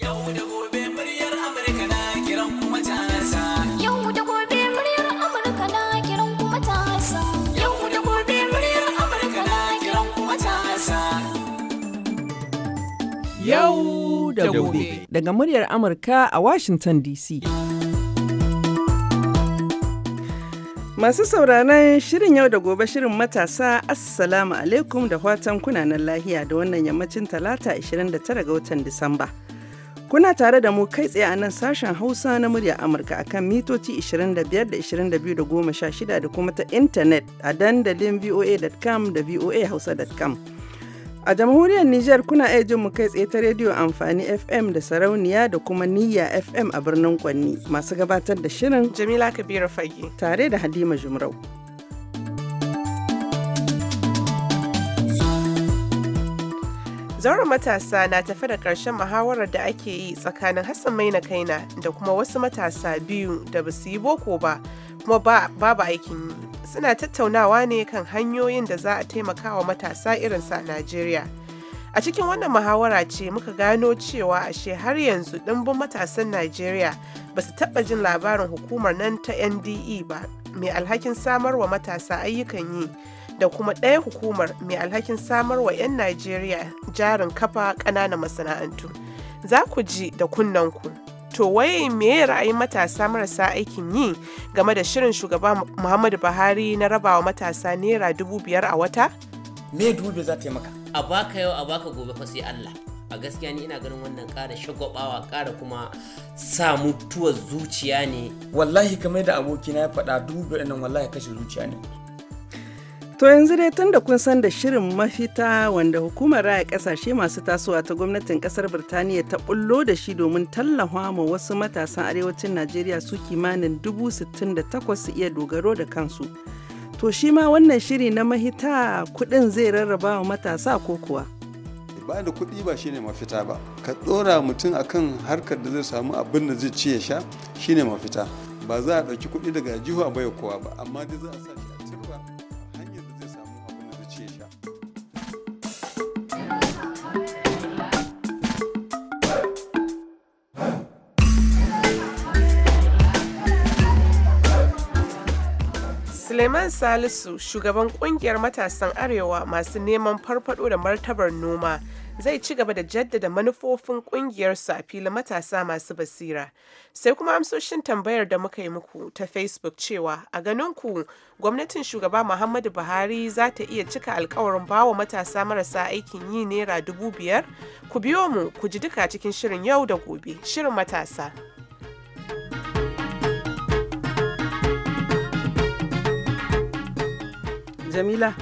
Yau da gobe muryar Amurka Daga muryar Amurka a Washington DC. Masu sauraron shirin yau da gobe shirin matasa Assalamu alaikum da watan kunanan lahiya da wannan yammacin talata 29 ga watan Disamba. Kuna tare da mu kai tsaye a nan sashen Hausa na murya Amurka akan mitoci 25 da 22 da 16 da kuma ta intanet a dandalin voa.com da voahausa.com. A jamhuriyar Nijar kuna iya jin mu kai tsaye ta rediyo amfani FM da sarauniya da kuma niyya FM a birnin Kwanni masu gabatar da shirin Jamila Kabiru Fage tare da Halima Jumrau. Zauren matasa na tafi da ƙarshen muhawarar da ake yi tsakanin Hassan mai na Kaina da kuma wasu matasa biyu da ba su yi boko ba kuma babu aikin yi. Suna tattaunawa ne kan hanyoyin da za a taimaka wa matasa irinsa a Najeriya. A cikin wannan muhawara ce muka gano cewa ashe har yanzu ɗimbin matasan Najeriya ba su taɓa jin labarin hukumar nan ta NDE ba mai alhakin samar wa matasa ayyukan yi. da kuma ɗaya hukumar mai alhakin samar wa 'yan Najeriya jarin kafa ƙananan masana'antu. Za ku ji da kunnanku. To waye me ra'ayin matasa marasa aikin yi game da shirin shugaba Muhammadu Buhari na rabawa matasa naira dubu biyar a wata? Me dubu za ta yi maka? A baka yau a baka gobe fa sai Allah. a gaskiya ni ina ganin wannan ƙara shagwabawa ƙara kuma sa mutuwar zuciya ne wallahi kamar da abokina ya faɗa dubu nan wallahi kashe zuciya ne To yanzu dai tun da kun san da shirin mafita wanda hukumar raya kasashe masu tasowa ta gwamnatin kasar Birtaniya ta bullo da shi domin tallafa ma wasu matasan arewacin Najeriya su kimanin dubu sittin da takwas su iya dogaro da kansu. To shi ma wannan shiri na mahita kuɗin zai rarraba wa matasa ko kuwa? ba da kuɗi ba shine mafita ba ka ɗora mutum akan harkar da zai samu abin da zai ci ya sha shine mafita ba za a ɗauki kuɗi daga jiho a bai kowa ba amma dai za a sa Suleiman Salisu, shugaban kungiyar matasan Arewa masu neman farfado da martabar noma, zai ci gaba da jaddada manufofin ƙungiyarsu a filin matasa masu basira. Sai kuma amsoshin tambayar da muka yi muku ta Facebook cewa a ganin ku gwamnatin shugaba Muhammadu Buhari za ta iya cika alkawarin bawa matasa marasa aikin yi naira dubu biyar? Ku biyo mu ku ji duka cikin shirin yau da gobe, shirin matasa. Jamila.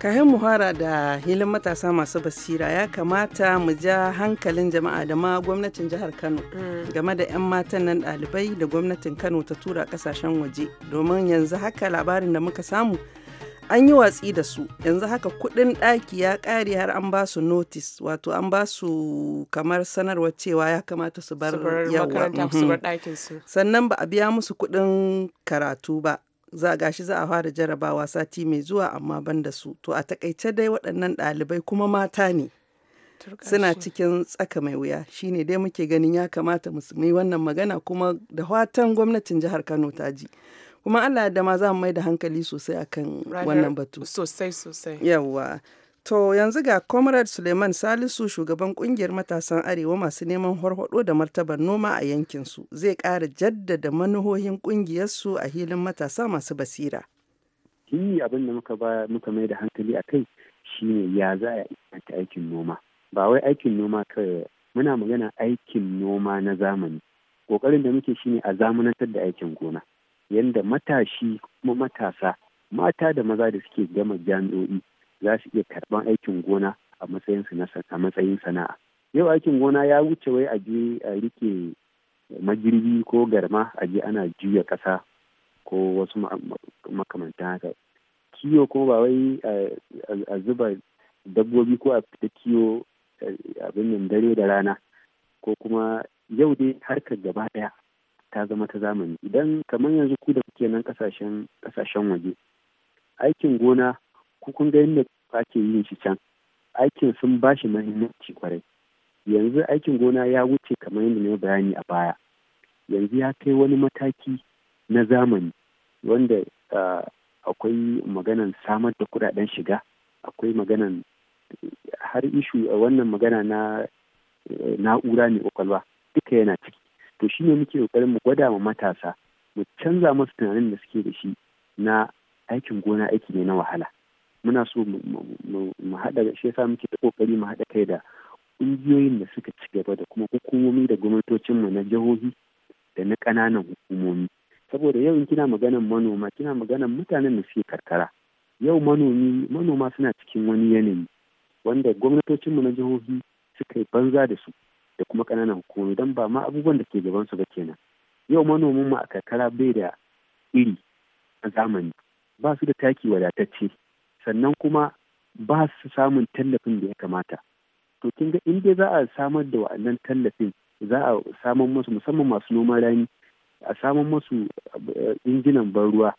Kayan muhara da hilin matasa masu basira ya kamata mu ja hankalin jama'a da ma gwamnatin jihar Kano mm. game da 'yan matan nan ɗalibai da gwamnatin Kano ta tura kasashen waje domin yanzu haka labarin da muka samu an yi watsi da su yanzu haka kuɗin ɗaki ya ƙare har an ba su notice wato an ba su kamar sanarwar cewa ya kamata su bar yawa mhm. sannan ba a biya musu kuɗin karatu ba za gashi za a fara jarabawa sati mai zuwa amma ban da su to a takaice dai waɗannan ɗalibai kuma mata ne suna cikin tsaka mai wuya shine dai muke ganin ya kamata mu yi wannan magana kuma da watan gwamnatin jihar kano ta ji kuma allah da ma za mu mai da hankali sosai akan wannan batu sosai sosai yawwa To yanzu ga Comrade Suleiman Salisu shugaban kungiyar matasan Arewa masu neman horhodo da martabar noma a yankinsu zai ƙara jaddada manuhohin kungiyarsu a hilin matasa masu basira. Shi abin da muka ba muka mai da hankali a kai shi ne ya za a inganta aikin noma. Ba wai aikin noma kawai muna magana aikin noma na zamani. Ƙoƙarin da muke shine a zamanantar da aikin gona. Yanda matashi kuma matasa mata da maza da suke gama jami'o'i za su iya karɓan aikin gona a matsayin a matsayin sana'a yau aikin gona ya wuce wai a je a rike magirbi ko garma a je ana juya ƙasa ko wasu makamanta haka kiwo ko ba wai a zuba dabbobi ko a fita kiwo abin nan dare da rana ko kuma yau dai harkar gaba ɗaya ta zama ta zamani idan kamar yanzu ku da kuke nan ƙasashen waje aikin gona ku kun ga yadda ake yin shi can aikin sun ba shi mahimmanci kwarai yanzu aikin gona ya wuce kamar yadda na bayani a baya yanzu ya kai wani mataki na zamani wanda ah, akwai maganan samar da kudaden shiga akwai maganan har ishu wannan magana na eh, na'ura ne kwakwalwa duka yana ciki to shi ne muke kokarin mu gwada ma matasa mu canza masu tunanin da suke da shi na aikin gona aiki ne na wahala muna so mu haɗa shi yasa muke kokari mu haɗa kai da ƙungiyoyin da suka ci gaba da kuma hukumomi da gwamnatocin mu na jihohi da na ƙananan hukumomi saboda yau kina maganan manoma kina maganan mutanen da suke karkara yau manomi manoma suna cikin wani yanayi wanda gwamnatocin mu na jihohi suka yi banza da su da kuma ƙananan hukumomi don ba ma abubuwan da ke gaban su ba kenan yau manomin mu a karkara bai da iri a zamani ba su da taki wadatacce sannan kuma ba su samun tallafin da ya kamata to kin ga in dai za a samar da wa'annan tallafin za a samar musu musamman masu noman rani a samar musu eh, injinan ban ruwa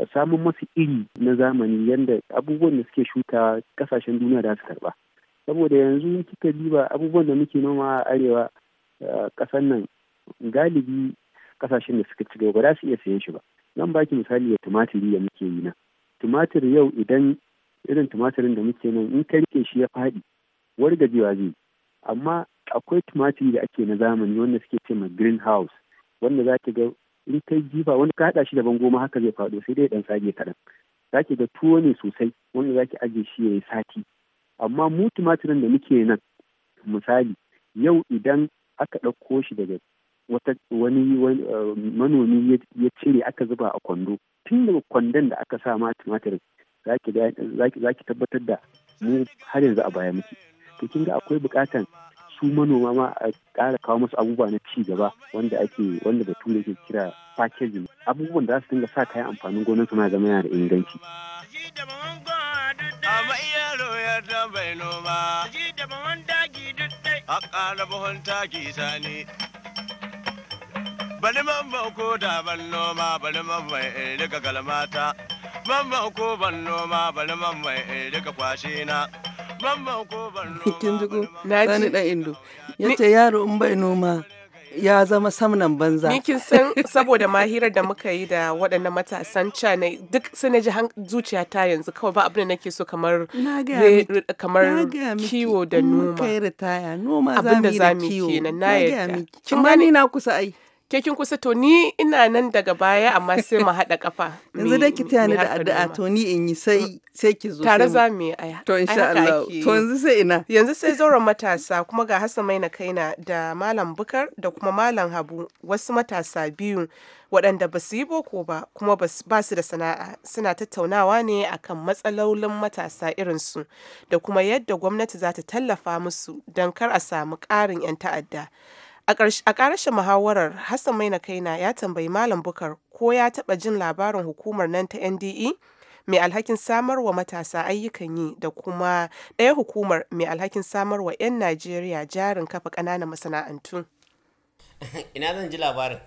a samar musu iri na zamani yadda abubuwan da suke shuka kasashen duniya da su karba saboda yanzu kika diba abubuwan da muke noma a arewa kasan eh, nan galibi kasashen da suka ci gaba ba za su iya sayan shi ba zan baki misali da tumatiri da muke yi na tumatir yau idan irin tumatirin da muke nan in ka rike shi ya faɗi wargajewa zai amma akwai tumatir da ake na zamani wanda suke ce ma house wanda za ga in kai jifa wani ka haɗa shi da bango ma haka zai faɗo sai dai ɗan sage kaɗan za ki ga tuwo ne sosai wanda za ki ajiye shi ya yi sati amma mu tumatirin da muke nan misali yau idan aka ɗauko shi daga wani eh, manomi ya cire aka zuba a kwando tun daga kwandon da aka sa ma tumatir za ki tabbatar da mu har yanzu a baya muke to kin ga akwai bukatan su manoma ma a ƙara kawo musu abubuwa na ci gaba wanda ake wanda bature ke kira packaging abubuwan da za su dinga sa kayan amfanin gonan su na zama yana da inganci a taki sani bari mamman ko da ban noma bari in rika kalmata ko ban noma bari in rika kwashe na ya zama samnan banza. Ni kin san saboda mahirar da muka yi da waɗannan matasan cana duk sai na ji zuciya ta yanzu kawai ba abin da nake so kamar kiwo da noma. Kai ritaya noma za mu yi da kiwo. Na ga Kin gani na kusa ai. ke kusa toni ni ina nan daga baya amma sai mu haɗa kafa yanzu dai ki tayani da addu'a to ni in yi sai sai ki zo tare za mu yi aya to insha Allah to yanzu sai ina yanzu sai zauren matasa kuma ga Hassan Maina Kaina da Malam Bukar da kuma Malam Habu wasu matasa biyu waɗanda ba su yi boko ba kuma ba su da sana'a suna tattaunawa ne akan matsalolin matasa irin su da kuma yadda gwamnati za ta tallafa musu don kar a samu ƙarin 'yan ta'adda A ƙarshen muhawarar, Hassan Maina Kaina ya tambayi Malam Bukar ko ya taɓa jin labarin hukumar nan ta NDE mai alhakin samarwa matasa ayyukan yi da kuma ɗaya hukumar mai alhakin samarwa 'yan Najeriya jarin kafa ƙananan masana'antu. Ina zan ji labarin.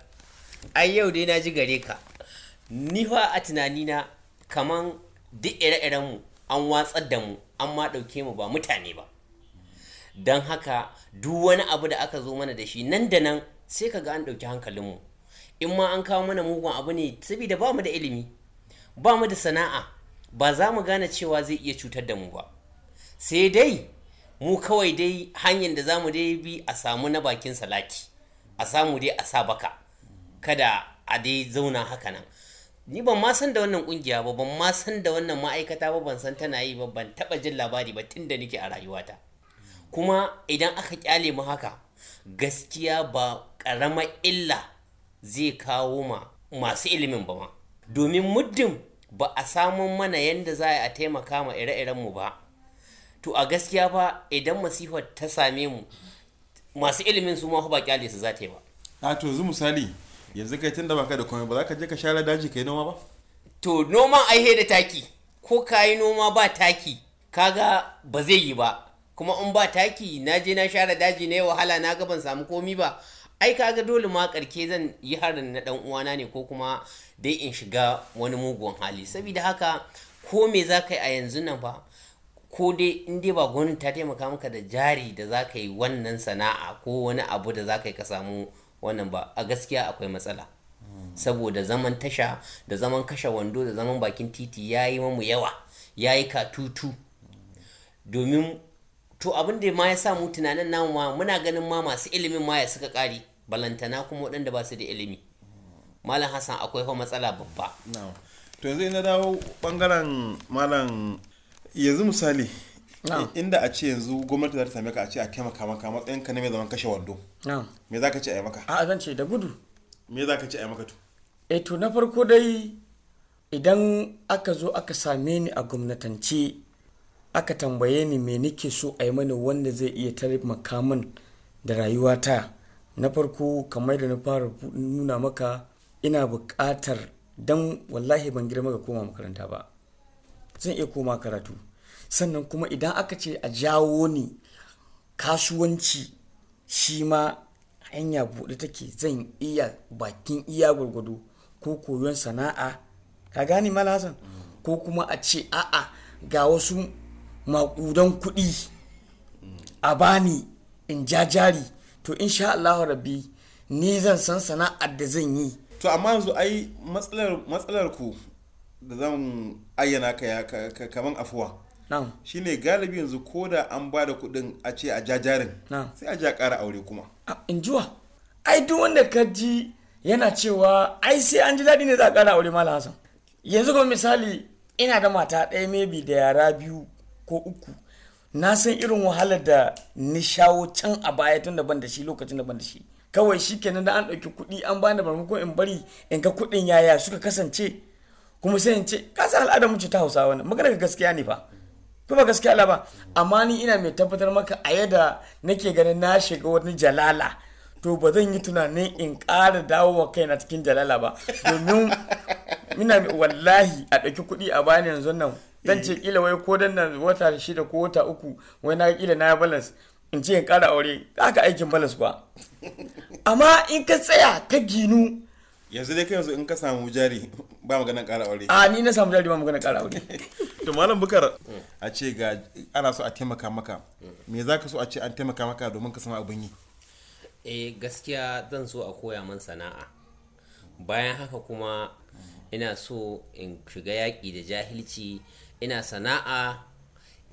Ai yau dai na ji gare ka. Ni fa a tunanina kaman duk ire-irenmu an watsar da mu an ma ɗauke mu ba mutane ba. don haka duk wani abu da aka zo mana da shi nan da nan sai ka ga an ɗauki hankalinmu in ma an kawo mana mugun abu ne saboda ba mu da ilimi ba mu da sana'a ba za mu gane cewa zai iya cutar da mu ba sai dai mu kawai dai hanyar da za mu dai bi a samu na bakin salaki a samu dai a sa baka kada a dai zauna haka nan ni ban ma san da wannan kungiya ba ban ma san da wannan ma'aikata ba ban san tana yi ba ban taba jin labari ba tun da nake a rayuwata kuma idan aka kyale mu haka gaskiya ba ƙarama illa zai kawo ma masu ilimin ba ma domin muddin ba a samun mana yadda za a taimaka ma ire-irenmu ba to a gaskiya ba idan masifar ta same mu masu ilimin su ma ba kyale su za ta yi ba a to yanzu misali yanzu kai tun da baka da komai ba za ka je ka share daji ka yi noma ba to noman ai da taki ko ka yi noma ba taki kaga ba zai yi ba kuma in ba taki na je na share daji na wahala na ga ban samu komi ba ai kaga dole ma karke zan yi harin na dan uwana ne ko kuma dai in shiga wani mugun hali saboda haka ko me za ka yi a yanzu nan ba ko dai in dai ba gwamnati ta taimaka maka da jari da za ka yi wannan sana'a ko wani abu da za ka yi ka samu wannan ba a gaskiya akwai matsala saboda zaman tasha da zaman kashe wando da zaman bakin titi ya yi mamu yawa ya yi katutu domin to abin da ma ya sa mu tunanin namu ma muna ganin ma masu ilimin ma ya suka ƙari balantana kuma waɗanda ba su da ilimi malam hassan akwai fa matsala babba to yanzu ina dawo bangaren malam yanzu misali inda a ce yanzu gwamnati za ta same ka a ce a taimaka maka matsayin ka ne mai zaman kashe wando me za ka ce a yi maka a zan ce da gudu me za ka ce a yi maka to eh to na farko dai idan aka zo aka same ni a gwamnatance aka tambaye ni me nake so a yi mani wanda zai iya taimaka min da rayuwata na farko kamar da na fara nuna maka ina bukatar don wallahi ban girma ga koma makaranta ba zan iya koma karatu sannan kuma idan aka ce a jawo ni kasuwanci shi ma hanya buɗe take zan iya bakin iya gwargwado ko koyon sana'a ka gani malazan ko kuma a ce a'a ga wasu maƙudan kuɗi a bani in ja jari to insha Allah rabbi ni zan san sana'ar da zan yi to amma yanzu ai matsalar ku da zan ayyana ka ya kaman afuwa shine galibi yanzu ko da an ba da kuɗin a ce a ja jarin sai a ja ƙara aure kuma in jiwa ai duk wanda ka ji yana cewa ai sai an ji daɗi ne za a ƙara aure malam Hassan. yanzu kuma misali ina da mata ɗaya maybe da yara biyu ko uku na san irin wahalar da ni shawo can a baya tun daban da shi lokacin daban da shi kawai shi kenan da an ɗauki kuɗi an bani maimakon in bari in ga kuɗin yaya suka kasance kuma sai in ce ka san al'adar mu ce ta hausa wannan magana ga gaskiya ne fa kuma gaskiya la ba amma ni ina mai tabbatar maka a yadda nake ganin na shiga wani jalala to ba zan yi tunanin in ƙara dawo wa kaina cikin jalala ba domin ina wallahi a ɗauki kuɗi a bani yanzu nan dan ce kila wai ko dan nan wata shida ko wata uku wai na kila na balance in ce in kara aure haka aikin balance ba amma in ka tsaya ka ginu yanzu dai kai yanzu in ka samu jari ba magana kara aure a ni na samu jari ba magana kara aure to malam bukar mm. a ce ga ana so a taimaka maka mm. me za ka so a ce an taimaka maka domin ka samu abin yi eh gaskiya zan so a koya min sana'a bayan haka kuma mm. ina so in shiga yaƙi da jahilci ina sana'a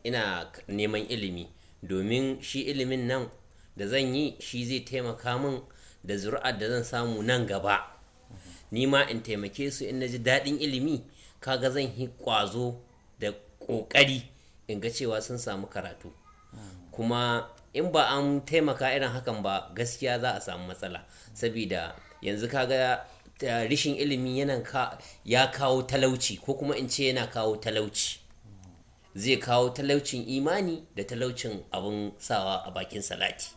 ina neman ilimi domin shi ilimin nan da zan yi shi zai taimaka min da zuri'ar da zan samu nan gaba ni ma in taimake su in na ji daɗin ilimi kaga zan yi ƙwazo da ƙoƙari in ga cewa sun samu karatu kuma in ba an taimaka irin hakan ba gaskiya za a samu matsala saboda yanzu kaga Eh, rishin ilimi yana ya kawo talauci ko kuma in ce yana kawo talauci zai kawo talaucin imani da talaucin abin sawa a bakin salati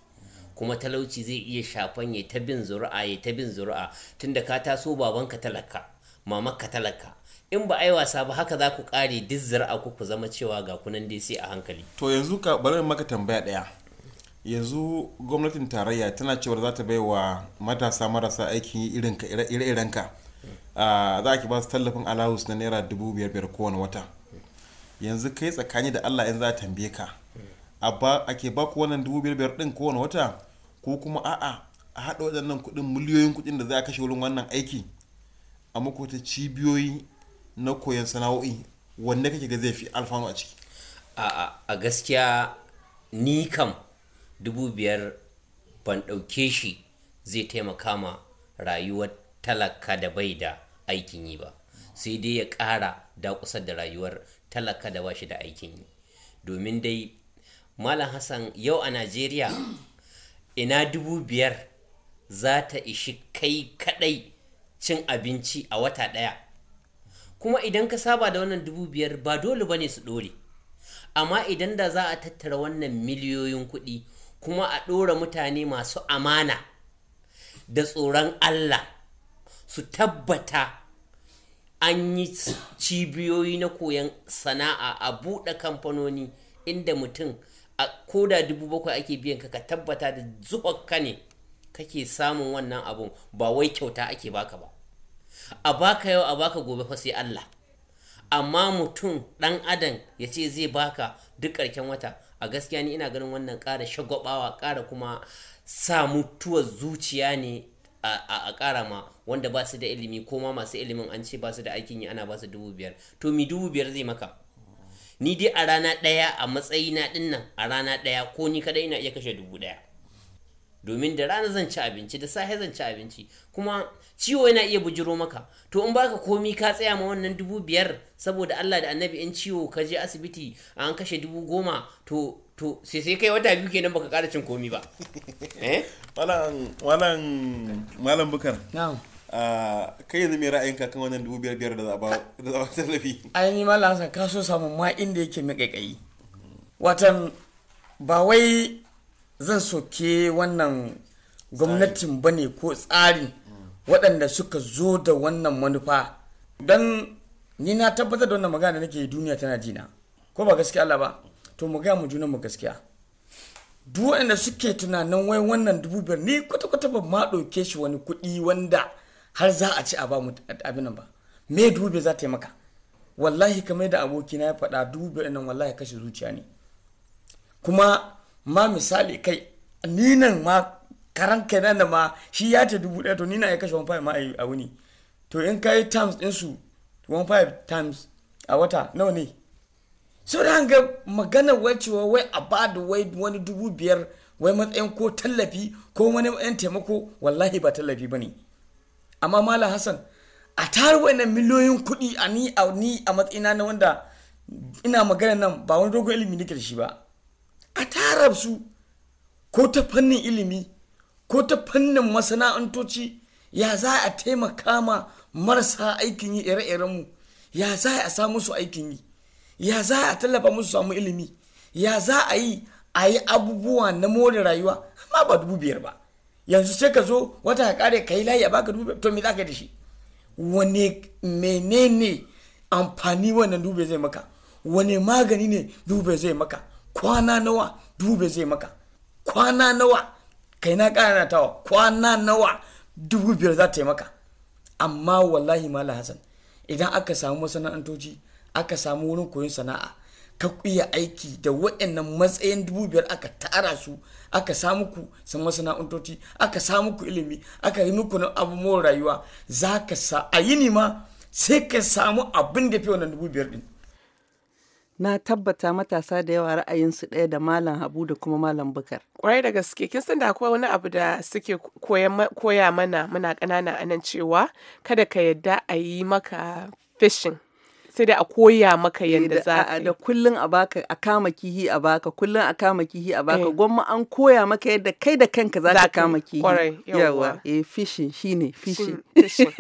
kuma talauci zai iya shafan ya ta bin zuri'a ya ta bin zuri'a tunda ka taso babanka talaka mamanka talaka in ba a yi wasa ba haka za ku kare duk zuri'a ku ku zama cewa ga kunan dai sai a hankali to yanzu ka bari maka tambaya daya yanzu gwamnatin tarayya tana cewar za ta bai wa matasa marasa aikin yi irin ka ire-iren ah, za a ki ba su tallafin alawus na naira dubu biyar biyar kowane wata yanzu kai tsakani da allah in za a tambaye ka ake ba ku wannan dubu biyar biyar din kowane wata ko kuma a'a a haɗa waɗannan kuɗin miliyoyin kuɗin da za a kashe wurin wannan aiki a makwata cibiyoyi na koyon sana'o'i wanda kake ga zai fi alfanu a ciki a gaskiya ni kam dubu biyar ban ɗauke shi zai taimaka ma rayuwar talaka da bai da aikin yi ba sai dai ya ƙara da kusa da rayuwar talaka da bashi da aikin yi domin dai malam hassan yau a najeriya ina dubu biyar za ta ishi kai kadai cin abinci a wata ɗaya kuma idan ka saba da wannan dubu biyar ba dole ba ne su ɗore amma idan da za a tattara wannan miliyoyin kuɗi kuma a ɗora mutane masu amana da tsoron Allah su tabbata an yi cibiyoyi na koyon sana'a a buɗe kamfanoni inda mutum a koda dubu bakwai ake biyan ka tabbata da zuɓakka ne kake samun wannan abun ba wai kyauta ake baka ba a baka yau a baka gobe fa sai Allah amma mutum ɗan adam ya ce zai baka duk ƙarshen wata a gaskiya ni ina ganin wannan ƙara shagwabawa ƙara kuma sa mutuwar zuciya ne a ƙara ma wanda ba su da ilimi ko ma masu ilimin an ce ba su da aikin yi ana ba su dubu biyar to mi dubu biyar zai maka ni dai a rana ɗaya a matsayi ɗin nan a rana ɗaya ko ni kadai ina iya kashe dubu ɗaya domin da rana zan ci abinci da safe zan ci abinci kuma ciwo yana iya bujiro maka to in baka komi ka tsaya ma wannan dubu biyar saboda Allah da annabi in ciwo ka je asibiti an kashe dubu goma to to sai sai kai wata biyu kenan baka ƙara cin komi ba eh? malam bukar ah, kai yanzu mai ka kan wannan dubu biyar biyar da zaɓa tallafi ai ni malam hasan ka so samun ma inda yake mai watan ba wai zan soke wannan gwamnatin ba ne ko tsarin mm. waɗanda suka zo da wannan manufa don ni na tabbatar da wannan magana nake duniya tana jina ko ba gaskiya Allah ba to mu gaya mu juna mu gaskiya duk waɗanda suke tunanin wai wannan dubu biyar ni kwata-kwata ba ma ɗauke shi wani kuɗi wanda har za a ci a ba mu abin ba me dubu biyar za ta yi maka wallahi kamar da abokina ya faɗa dubu biyar nan wallahi kashe zuciya ne kuma ma misali kai ninan ma karan kenan da ma shi ya ta dubu daya to ni na ya kashe 1.5 ma a wuni to in ka yi times su 1.5 times a wata nawa ne so da hanga magana wacewa wai a ba da wai wani dubu biyar wai matsayin ko tallafi ko wani yan taimako wallahi ba tallafi ba ne amma malam hassan a tara wayannan miliyoyin kuɗi a ni a matsayina na wanda ina magana nan ba wani dogon ilimi nake da shi ba a tara su ko ta fannin ilimi ko ta fannin masana'antoci ya za a taimaka ma marasa aikin yi ire mu ya za a samu su aikin yi ya za a tallafa musu samu ilimi ya za a yi a yi abubuwa na more rayuwa amma ba dubu biyar ba yanzu sai ka zo wata ka kare ka yi layi a baka dubu biyar to me za ka da shi wane menene amfani wannan dubu zai maka wane magani ne dubu zai maka kwana nawa dubu zai maka kwana nawa kai na kara tawa kwana nawa dubu biyar za ta yi maka amma wallahi mala hasan idan aka samu masana'antoci aka samu wurin koyon sana'a ka iya aiki da waɗannan matsayin dubu biyar aka tara su aka samu ku san masana'antoci aka samu ku ilimi aka yi muku na abu rayuwa za ka sa a yini ma sai ka samu abin da fi wannan dubu biyar din na tabbata matasa da yawa ra'ayinsu ɗaya da malam habu da kuma malam bukar kwarai da gaske kin san da akwai wani abu da suke koya mana muna ƙanana anan cewa kada ka yadda a yi maka fishing sai dai a koya maka yadda za ka da kullun a baka a kama kihi a baka kullun a kama kihi a baka eh. gwamma an koya maka yadda kai da kanka za ka kama kihi yawa eh fishing shine fishing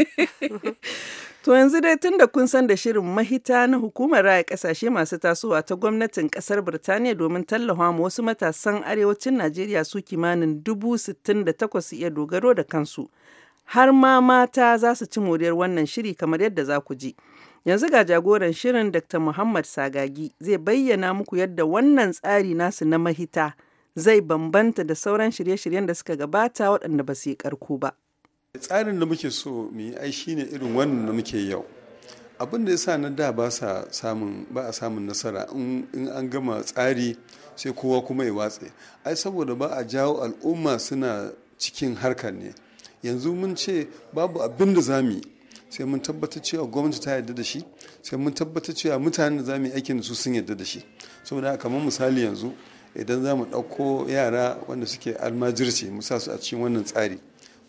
To yanzu dai tun da kun san da shirin mahita na hukumar raya kasashe masu tasowa ta gwamnatin kasar Birtaniya domin tallafa ma wasu matasan arewacin Najeriya su kimanin dubu sittin da takwas iya dogaro da kansu. Har ma mata za su ci moriyar wannan shiri kamar yadda za ku ji. Yanzu ga jagoran shirin Dr. Muhammad Sagagi zai bayyana muku yadda wannan tsari nasu na mahita zai bambanta da sauran shirye-shiryen da suka gabata waɗanda ba su yi karko ba. Tsarin da muke so mu yi ai shine irin wannan da muke yau. Abin da yasa na da ba sa ba a samun nasara in an gama tsari sai kowa kuma ya watse. Ai saboda ba a jawo al'umma suna cikin harkar ne. Yanzu mun ce babu abin da za mu yi sai mun tabbatar cewa gwamnati ta yarda da shi sai mun tabbatar cewa mutanen da za mu yi aikin su sun yarda da shi saboda kamar misali yanzu idan za mu ɗauko yara wanda suke almajirce mu sa su a cikin wannan tsari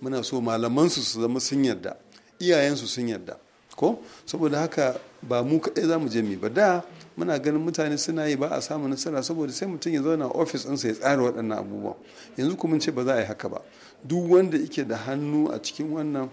muna so malamansu su zama sun yarda iyayensu sun yarda ko saboda haka ba mu kaɗai za mu je mu ba da muna ganin mutane suna yi ba a samu nasara saboda sai mutum ya zauna ofis ɗinsa ya tsara waɗannan abubuwan yanzu kuma ce ba za a yi haka ba duk wanda yake da hannu a cikin wannan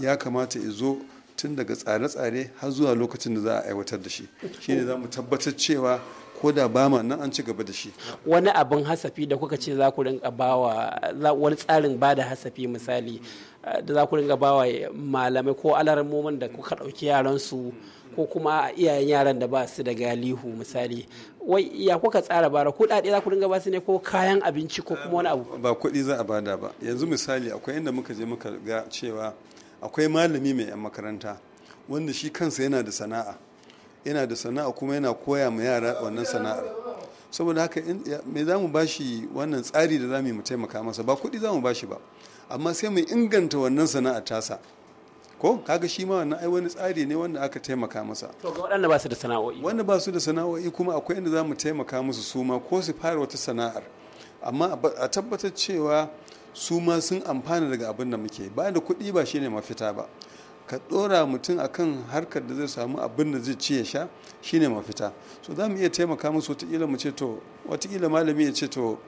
ya kamata ya zo tun daga tsare-tsare har zuwa lokacin da za a aiwatar da shi shine za mu tabbatar cewa ko da ba ma nan an ci gaba da shi wani abin hasafi da kuka ce za ku rinka bawa wani tsarin ba da hasafi misali eh, da za ku rinka bawa malamai ko alarmomin da kuka ɗauki yaransu. su ko kuma iyayen yaran da ba su da galihu misali wai ya kuka tsara bara kuɗaɗe za ku rinka ba su ne ko kayan abinci ko kuma wani abu ba kuɗi za a bada ba yanzu misali akwai inda muka je muka ga cewa akwai malami mai 'yan makaranta wanda shi kansa yana da sana'a yana da sana'a kuma yana koya ma yara wannan sana'ar saboda haka me za mu ba shi wannan tsari da za mu yi mu taimaka masa ba kuɗi za mu ba shi ba amma sai mu inganta wannan sana'a tasa ko kaga shi ma wannan ai wani tsari ne wanda aka taimaka masa to ga waɗanda ba su da sana'o'i wanda ba su da sana'o'i kuma akwai inda za mu taimaka musu su ma ko su fara wata sana'ar amma a tabbatar cewa su ma sun amfana daga abin da muke ba da kuɗi ba shine mafita ba ka ɗora mutum akan harkar da zai samu abin da zai ci ya sha shine mafita so za mu iya taimaka musu wataƙila mu ce to wataƙila malami ya ce to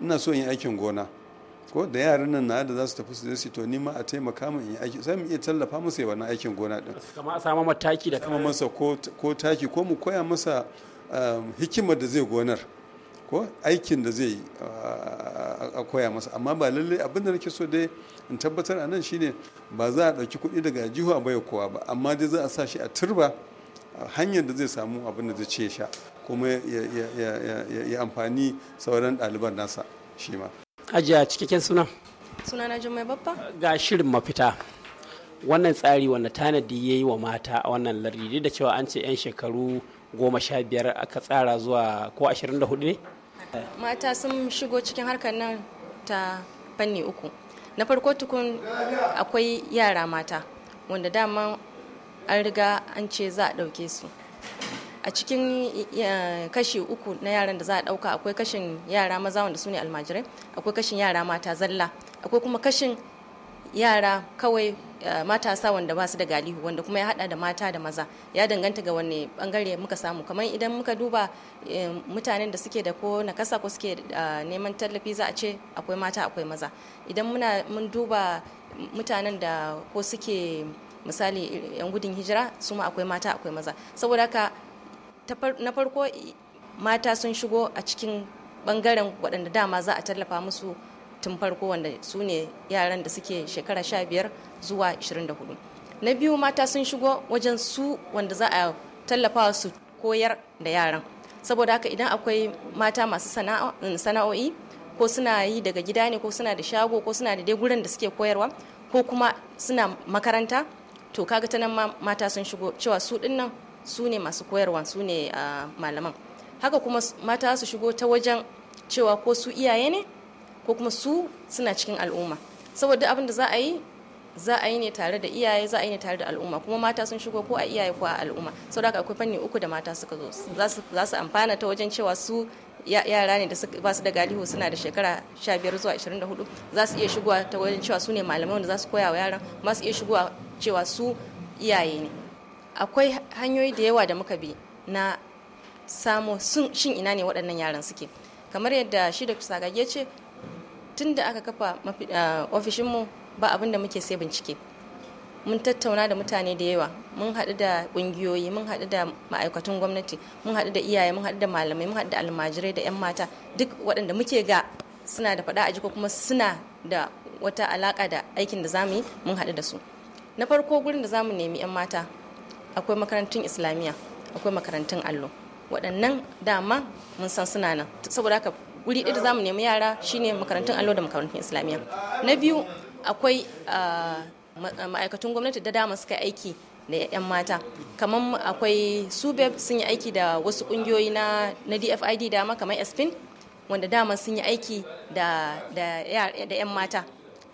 ina so in yi aikin gona ko da yaran nan na da za su tafi su zai to ni ma a taimaka mu in yi aiki sai mu iya tallafa masa ya wani aikin gona din kamar a samu mataki da kama masa ko taki ko mu koya masa um, hikimar da zai gonar ko aikin da zai a koya masa amma ba lallai abinda nake so dai in tabbatar a nan shine ba za a ɗauki kuɗi daga jihu a baya kowa ba amma dai za a sa shi a turba hanyar da zai samu abin da zai ce sha kuma ya amfani sauran ɗaliban nasa shi ma ajiya cikakken suna suna na mai babba ga shirin mafita wannan tsari wanda tanadi ya yi wa mata a wannan lardi da cewa an ce 'yan shekaru goma sha biyar aka tsara zuwa ko ashirin ne mata sun shigo cikin harkar nan ta fanni uku na farko tukun akwai yara mata wanda dama an riga an ce za a ɗauke su a cikin kashi uku na yaran da za a ɗauka akwai kashin yara maza wanda su ne almajirai akwai kashin yara mata zalla akwai kuma kashin yara kawai eh, matasa wanda ba su da galihu wanda kuma ya hada da mata da maza ya danganta ga wani bangare muka samu kamar idan muka duba eh, mutanen da suke da ko na kasa ko suke eh, neman tallafi za a ce akwai mata akwai maza idan muna mun duba mutanen da ko suke misali yan gudun hijira su ma akwai mata akwai maza saboda haka na farko mata sun shigo a cikin bangaren waɗanda dama za a tallafa musu tun farko wanda su ne yaran da suke shekara biyar zuwa 24 na biyu mata sun shigo wajen su wanda za a tallafa su koyar da yaran saboda haka idan akwai mata masu mm, sana'o'i ko suna yi daga gida ne ko suna da shago ko suna da dai da suke koyarwa ko kuma suna makaranta to kaga ta nan mata sun shigo cewa su dinnan su ne masu koyarwa su ne ah, malaman haka kuma mata su shigo ta wajen cewa ko su iyaye ne ko kuma su suna cikin al'umma saboda abin da za a yi za a yi ne tare da iyaye za a yi ne tare da al'umma kuma mata sun shigo ko a iyaye ko a al'umma saboda haka akwai fanni uku da mata suka zo za su amfana ta wajen cewa su yara ne da ba su da galihu suna da shekara 15 zuwa 24 za su iya shigowa ta wajen cewa su ne malamai wanda za su koya wa yaran ma su iya shigowa cewa su iyaye ne akwai hanyoyi da yawa da muka bi na samo shin ina ne waɗannan yaran suke kamar yadda shi da sagage ce tun da aka kafa ah, ofishinmu ba abin da muke sai bincike mun tattauna da mutane da yawa mun haɗu da ƙungiyoyi mun haɗu da ma'aikatan gwamnati mun haɗu da iyaye mun haɗu da malamai mun haɗu da almajirai da 'yan mata duk waɗanda muke ga suna da faɗa a jiko kuma suna da wata alaƙa da aikin da zamu yi mun haɗu da su na farko gurin da zamu nemi 'yan mata akwai makarantun islamiyya akwai makarantun allo waɗannan dama mun san suna nan saboda haka wuri ɗaya da zamu nemi yara shine makarantun allo da makarantun islamiyya na biyu akwai ah, ma'aikatan gwamnati da dama suka aiki da 'yan mata kamar akwai subeb sun yi aiki da wasu kungiyoyi na, na dfid dama kamar espin wanda dama sun yi aiki da, 'yan mata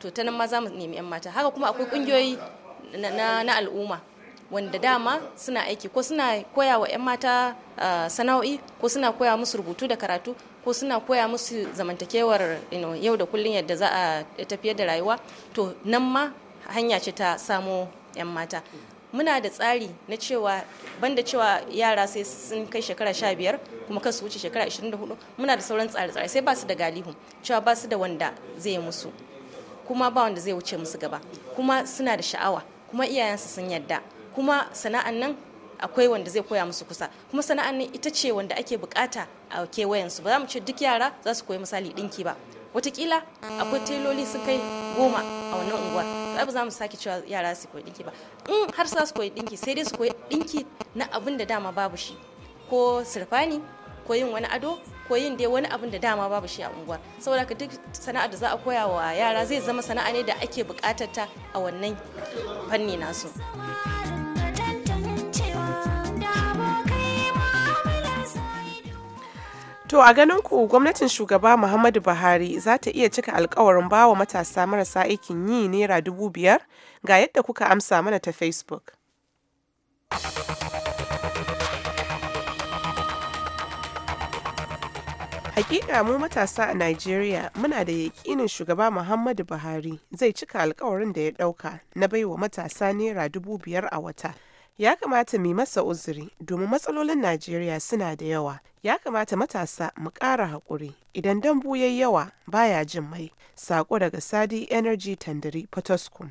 to ta nan ma za mu nemi 'yan mata haka kuma akwai kungiyoyi na al'umma wanda dama suna aiki ko suna koya wa 'yan mata uh, sana'o'i ko suna koya musu rubutu da karatu ko suna koya musu zamantakewar yau da kullum yadda za a tafiyar da rayuwa to nan ma hanya ce ta samo 'yan mata muna da tsari na cewa banda cewa yara sai sun kai shekara sha biyar kuma kan su wuce shekara 24 muna da sauran tsare-tsare sai ba su da galihu cewa ba su da wanda zai yi musu kuma ba wanda zai wuce musu gaba kuma suna da sha'awa kuma iyayensu sun yadda kuma sana'an nan akwai wanda zai koya musu kusa kuma sana'an nan ita ce wanda ake bukata a kewayensu ba za mu ce duk yara za su koyi misali dinki ba watakila akwai teloli sun kai goma a wannan unguwar ba za mu sake cewa yara su koyi dinki ba in har za su koyi dinki sai dai su koyi dinki na abin da dama babu shi ko sirfani ko yin wani ado ko yin dai wani abin da dama babu shi a unguwar saboda ka duk sana'a da za a koya wa yara zai zama sana'a ne da ake bukatar ta a wannan fanni nasu. To a ganin ku gwamnatin shugaba Muhammadu Buhari za ta iya cika alkawarin bawa matasa marasa aikin yi naira dubu biyar ga yadda kuka amsa mana ta Facebook. Hakika mu matasa a Najeriya muna da yaƙinin shugaba Muhammadu Buhari zai cika alkawarin da ya ɗauka na baiwa matasa naira dubu biyar a wata Ya kamata mu masa uzuri domin matsalolin Najeriya suna da yawa. Ya kamata matasa mu ƙara haƙuri idan dambu yayi yawa baya jin mai. Sako daga Sadi Energy Tandiri Potoskum.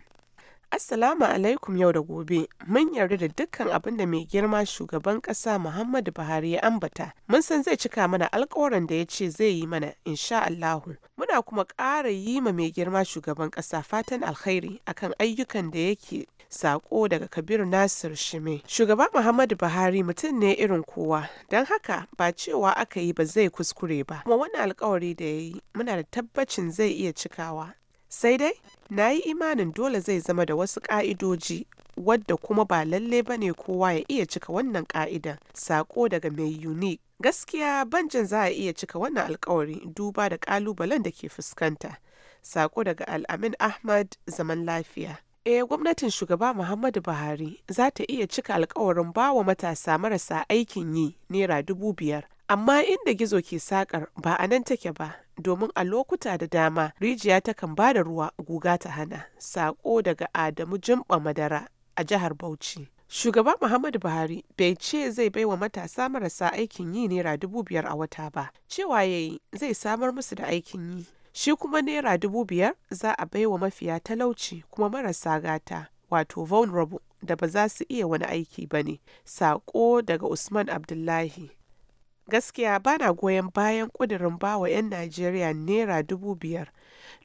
Assalamu alaikum yau da gobe. Mun yarda da dukkan abin da mai girma shugaban ƙasa Muhammadu Buhari ya ambata. Mun san zai cika mana alkawarin da ya ce zai yi mana insha Allahu. Muna kuma ƙara yi ma mai girma shugaban ƙasa fatan alkhairi akan ayyukan da yake sako daga Kabiru Nasir Shime. Shugaba Muhammadu Buhari mutum ne irin kowa, don haka ba cewa aka yi ba zai kuskure ba. Kuma wani alkawari da ya yi muna da tabbacin zai iya cikawa sai dai na yi imanin dole zai zama da wasu ƙa'idoji wadda kuma ba lalle ba ne kowa ya iya cika wannan ƙa'idan sako daga mai unique gaskiya banjin za a iya cika wannan alkawari duba da ƙalubalen da ke fuskanta sako daga al'amin ahmad zaman lafiya eh gwamnatin shugaba muhammadu buhari za ta iya cika alkawarin bawa matasa marasa aikin yi naira dubu biyar Amma inda gizo ke sakar ba a nan take ba, domin a lokuta da dama rijiya takan ba da ruwa guga ta hana, sako daga Adamu jimba Madara a jihar Bauchi. Shugaba Muhammadu Buhari bai ce zai baiwa matasa marasa aikin yi naira dubu biyar a wata ba, cewa yayi zai samar musu da aikin yi. Shi kuma naira dubu biyar za a baiwa mafiya talauci kuma marasa gata, wato vulnerable da ba za su iya wani aiki ba ne. Sako daga Usman Abdullahi. gaskiya bana goyon bayan kudirin bawa 'yan Najeriya naira dubu biyar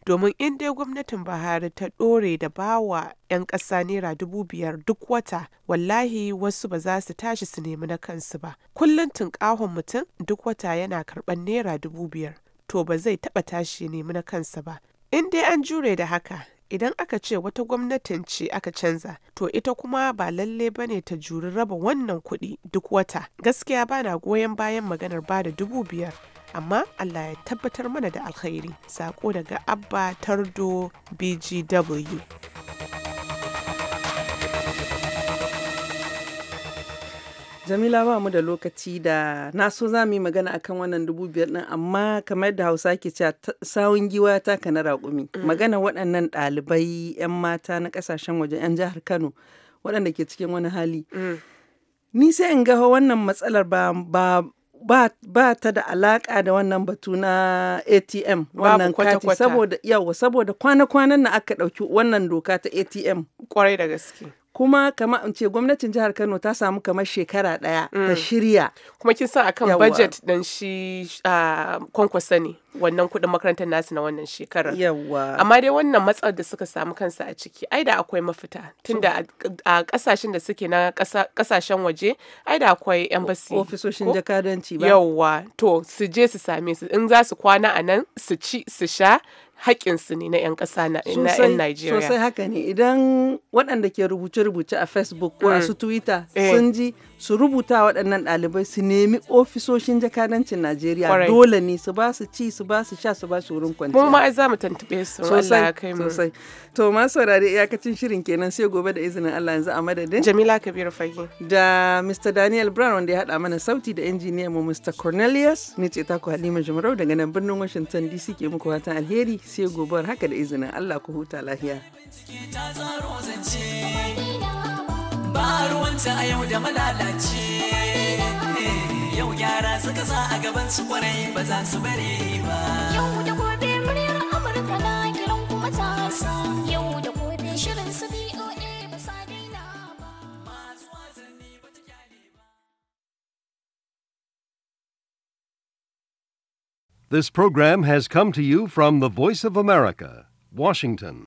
domin in dai gwamnatin Buhari ta ɗore da bawa 'yan ƙasa naira dubu biyar duk wata wallahi wasu ba za su tashi su nemi na kansu ba kullum tunƙahon mutum duk wata yana karɓar naira dubu biyar to ba zai taɓa tashi nemi na kansa ba in dai an jure da haka idan aka ce wata gwamnatin ce aka canza to ita kuma ba lalle ba ne ta juri raba wannan kuɗi duk wata gaskiya ba na goyon bayan maganar ba da dubu biyar amma Allah ya tabbatar mana da alkhairi sako daga abba tardo bgw Jamila ba mu da lokaci da na so za mu yi magana akan wannan dubu biyar din amma kamar da Hausa ke cewa sawun giwa ta kana raƙumi. Mm. Magana waɗannan ɗalibai 'yan mata na ƙasashen waje 'yan jihar Kano waɗanda ke cikin wani hali. Mm. Ni sai in ga wannan matsalar ba ba ba, ba ta da alaƙa da wannan batu na ATM wannan kati saboda yawa saboda kwana-kwanan na aka ɗauki wannan doka ta ATM. Kwarai da gaske. kuma kama in ce gwamnatin jihar Kano ta samu kamar shekara daya mm. ta shirya kuma kin san akan budget dan shi uh, kwankwasa ne wannan kuɗin makarantar nasu na wannan shekarar yawa amma dai wannan matsalar da suka samu kansa a ciki ai da akwai mafita tunda a kasashen da suke na kasashen waje ai da akwai embassy ofisoshin jakadanci ba yawa to su je su same su in za su kwana anan nan su ci su sha haƙƙinsu ne na 'yan ƙasa na 'yan Najeriya. Sosai haka ne idan waɗanda ke rubuce-rubuce a Facebook ko a mm. su Twitter eh. sun ji su rubuta waɗannan ɗalibai su nemi ofisoshin jakadancin Najeriya dole ne su ba su ci su ba su sha su ba su wurin kwanciya. Mu ma za mu tantube su Allah Sosai. To ma saurari iyakacin shirin kenan sai gobe da izinin Allah yanzu a madadin. Jamila Kabiru Fage. Da Mr. Daniel Brown wanda ya haɗa mana sauti da injiniya mu Mr. Cornelius ni ce ta ku Halima Jumarau daga nan birnin Washington DC ke muku fatan alheri sai gobe haka da izinin Allah ku huta lafiya. a yau da eh, yau gyara suka sa a gaban su kwarai ba za su bari ba yau da gobe muryar amurka na kiran kuma yau da gobe shirin su This program has come to you from the Voice of America, Washington.